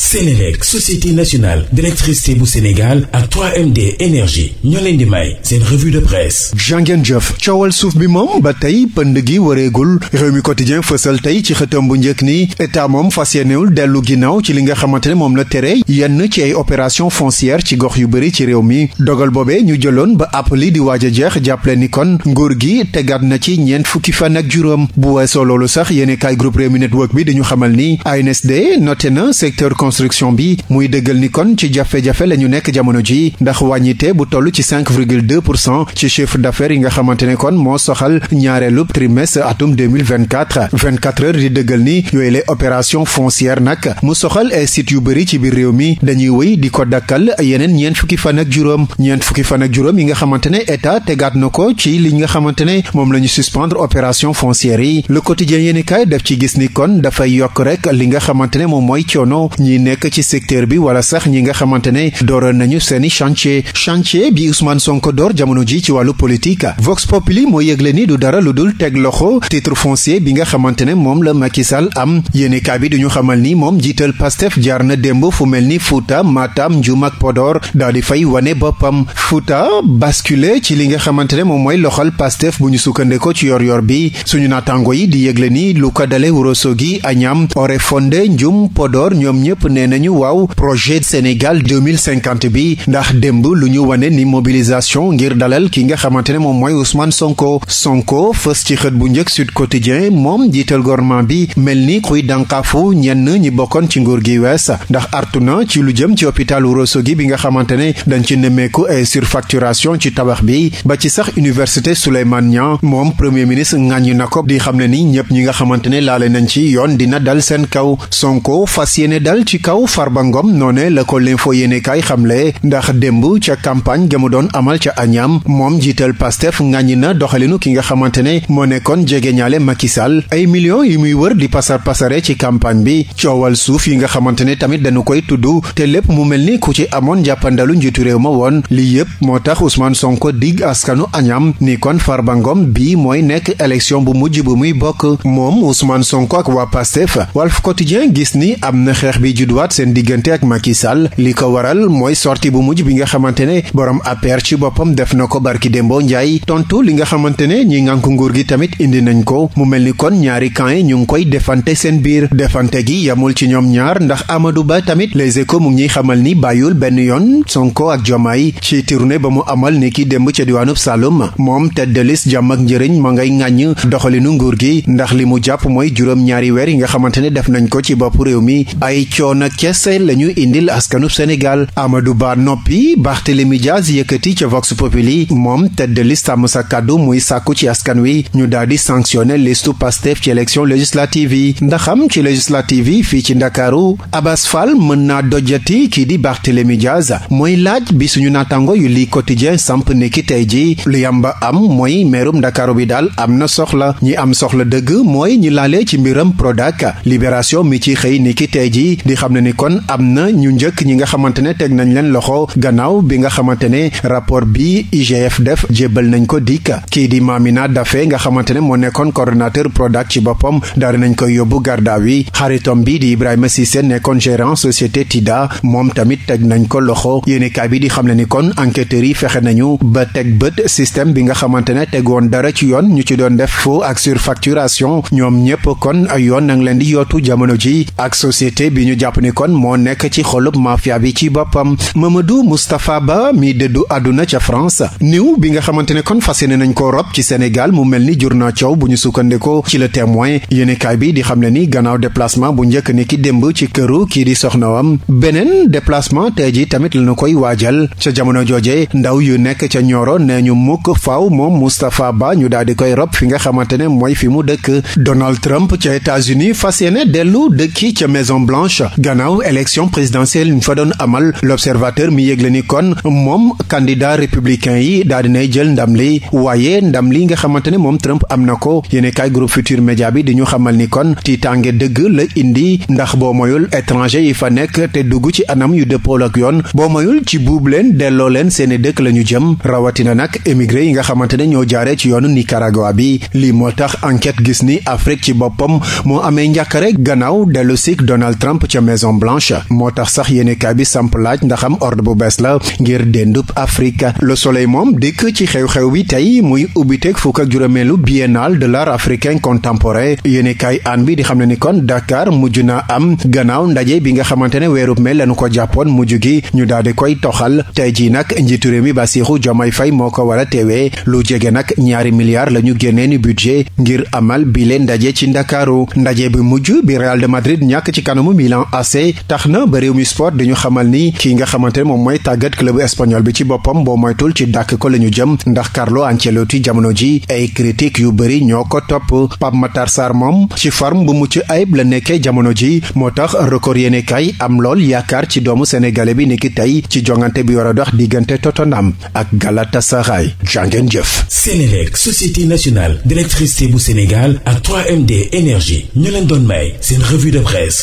Sénélec société nationale d'électricité bu Sénégal ak 3MD énergie ñoo di may seen revue de presse jàngeen jëf coowal suuf bi moom ba tey pënd gi wareegul réew mi quotidien fësal tey ci xëtam bu njëkk ni état moom fas yéenewul dellu ginnaaw ci li nga xamante ne moom la tere yenn ci ay opération foncière ci gox yu bëri ci réew mi dogal boobe ñu jëloon ba àpp li di waaj a jeex jàppale ni kon nguur gi tegaat na ci ñeent fukki fan ak juróom bu weesoo loolu sax yéene kaay groupe Rewmi Network bi dañu xamal ni ANSD noté na secteur reconstruction bi muy dëggal ni kon ci jafe-jafe la ñu nekk jamono ji ndax wàññite bu toll ci 5 virgule pour cent ci chiffre d'affaires yi nga xamante ne kon moo soxal ñaareelu trimestre atum 2024 24 heures di dëggal ni yooyu les opération foncière nag mu soxal ay site yu bari ci biir réew mi dañuy wëy di ko dakkal yeneen ñeent fukki fan ak juróom ñeent fukki fan ak juróom yi nga xamante ne état tegaat na ko ci li nga xamante ne moom la ñu suspendre opération foncière yi le quotidien yéeni kaay ñi nekk ci secteur bi wala sax ñi nga xamante ne dooroon nañu seeni chantier chantier bi Ousmane Sonko door jamono ji ci wàllu politique Vox Populi moo yëgle ni du dara lu dul teg loxo titre foncier bi nga xamante ne moom la Macky Sall am yéenekaay bi duñu xamal ni moom jiital Pastef jaar na démb fu mel ni Fouta Matam Ndioum ak Podor daal di fay wane boppam Fouta basculé ci li nga xamante ne moom mooy loxal Pastef bu ñu sukkandeko ci yor yor bi suñu naataango yi di yëgle ni lu ko dale Ourossogui Agnam Oréfondé Ndioum Podor ñoom ñëpp ñëpp nee nañu waaw projet Sénégal 2050 bi ndax démb lu ñu wane ni mobilisation ngir dalal ki nga xamante ne moom mooy Ousmane Sonko Sonko fës ci xët bu njëkk Sud Quotidien moom jiital gouvernement bi mel ni kuy dànkaafu ñenn ñi bokkoon ci nguur gi wees ndax artu na ci lu jëm ci hôpitalu Ourossogui bi nga xamante ne dañ ci nemmeeku ay surfacturation ci tabax bi ba ci sax université Souleymane Niang moom premier ministre ŋàññi na ko di xam ne ni ñëpp ñi nga xamante ne laale nañ ci yoon dina dal seen kaw Sonko fas yéene dal ci kaw Farba Ngom noone la ko l'info yéenekaay xamle ndax démb ca campagne ga mu doon amal ca Agnam moom jiital Pastef ŋàññi na doxalinu ki nga xamante ne moo nekkoon jege ñaale Macky Sall ay millions yi muy wër di pasar pasare ci campagne bi coowal suuf yi nga xamante ne tamit dañu koy tudd te lépp mu mel ni ku ci amoon jàppandalu njiitu réew ma woon lii yëpp moo tax Ousmane Sonko dig askanu Agnam ni kon Farba Ngom bi mooy nekk élection bu mujj bu muy bokk moom Ousmane Sonko ak judduwaat seen diggante ak Macky Sall li ko waral mooy sorti bu mujj bi nga xamante ne borom APR ci boppam def na ko barki Dembo Ndiaye tontu li nga xamante ne ñi ngànk nguur gi tamit indi nañ ko mu mel ni kon ñaari camp yi ñu ngi koy defante seen biir defante gi yamul ci ñoom ñaar ndax Amadou Ba tamit Les Échos mu ngi ñuy xamal ni bàyyul benn yoon Sonko ak Jomaay ci tournée ba mu amal ni ki démb ca diwaanub Saloum moom tête de liste jàmm ak njëriñ ma ngay ŋàññ doxalinu nguur gi ndax li mu jàpp mooy juróom ñaari weer yi nga xamante ne def nañ ko ci bopp réew yoon kese la ñu indil askanub Sénégal Amadou Ba noppi Barthélémy Diaz yëkkati ca Vox Populi moom tête de liste sàmm sa kàddu muy sàkku ci askan wi ñu daal di sanctionné listu Pastef ci élection législative yi ndaxam ci législative yi fii ci Ndakaaru Abass Fall mën naa dojati kii di Barthélémy Diaz mooy laaj bi suñu naataango yu lii quotidien samp niki tey ji lu yamba am mooy meerum Ndakaaru bi daal am na soxla ñi am soxla dëgg mooy ñu laalee ci mbiram Prodac libération mi ci xëy xam ne ni kon am na ñu njëkk ñi nga xamante ne teg nañ leen loxo gannaaw bi nga xamante ne rapport bi IGF def jébbal nañ ko dikk kii di Mamina Dafe nga xamante ne moo nekkoon coordonnateur Prodac ci boppam daal nañ koy yóbbu gardaaw yi xaritom bi di Ibrahima Cissé nekkoon gérant société Tida moom tamit teg nañ ko loxo yéenekaay bi di xam ne ni kon enquêteurs yi fexe nañu ba teg bët système bi nga xamante ne teg woon dara ci yoon ñu ci doon def faux ak surfacturation ñoom ñépp kon yoon nang leen di yootu jamono ji jàpp ni kon moo nekk ci xolub mafia bi ci boppam Mamadou Moustapha Ba mi dëddu àdduna ca France niw bi nga xamante ne kon fas yéene nañ ko rob ci Sénégal mu mel ni jur na coow bu ñu sukkandikoo ci le témoin yéenekaay bi di xam ne ni gannaaw déplacement bu njëkk ni ki démb ci këru kii di am beneen déplacement tey ji tamit la ñu koy waajal ca jamono jooje ndaw yu nekk ca Nioro nee ñu mukk faaw moom Moustapha Ba ñu daal di koy rob fi nga xamante ne mooy fi mu dëkk Donald Trump ca fas yéene dellu dëkki ca Maison Blanche gannaaw élection présidentielle ñu fa doon amal l'observateur mi yëgle ni kon moom candidat républicain yi daal dinay jël ndam li waaye ndam li nga xamante ne moom Trump am na ko yéene kaay groupe Futur Média bi di ñu xamal ni kon tiitaange dëgg la indi ndax boo moyul étranger yi fa nekk te dugg ci anam yu dëppool ak yoon boo moyul ci buub leen delloo leen seeni dëkk la ñu jëm rawatina nag émigré yi nga xamante ne ñoo jaaree ci yoonu Nicaragua bi lii moo tax enquête gis ni Afrique ci boppam moo amee njàkkare maison blanche moo tax sax yéenekaay bi samp laaj ndaxam ordre bu bees la ngir déndub Afrique le soleil moom dikk ci xew-xew bi tey muy ubbiteeg fukk ak juróomeelu biennale de l'art africain contemporain yéenekaay an bi di xam ne ni kon Dakar mujj na am gannaaw ndaje bi nga xamante ne weerub mel lañu ko jàppoon mujj gi ñu daal di koy toxal tey jii nag njiitu réew ba Bassirou Diomaye Faye moo ko wala a teewee lu jege nag ñaari milliards la ñu génnee ni budget ngir amal bile ndaje ci bi mujj AC tax na ba réew mi sport dañu xamal ni kii nga xamante ne moom mooy tàggat club espagnol bi ci boppam boo moytul ci dàkk ko la ñu jëm ndax Carlo Ancelotti jamono ji ay critique yu bëri ñoo ko topp Pape Matar Sarr moom ci forme bu mucc ayib la nekkee jamono ji moo tax record yéene kay am lool yaakaar ci doomu sénégalais bi niki tey ci jongante bi war a dox diggante Tottenham ak Galatasaray jàngeen jëf Sénélec société nationale d'électricité bu Sénégal ak 3MD ñu leen doon may seen revue de presse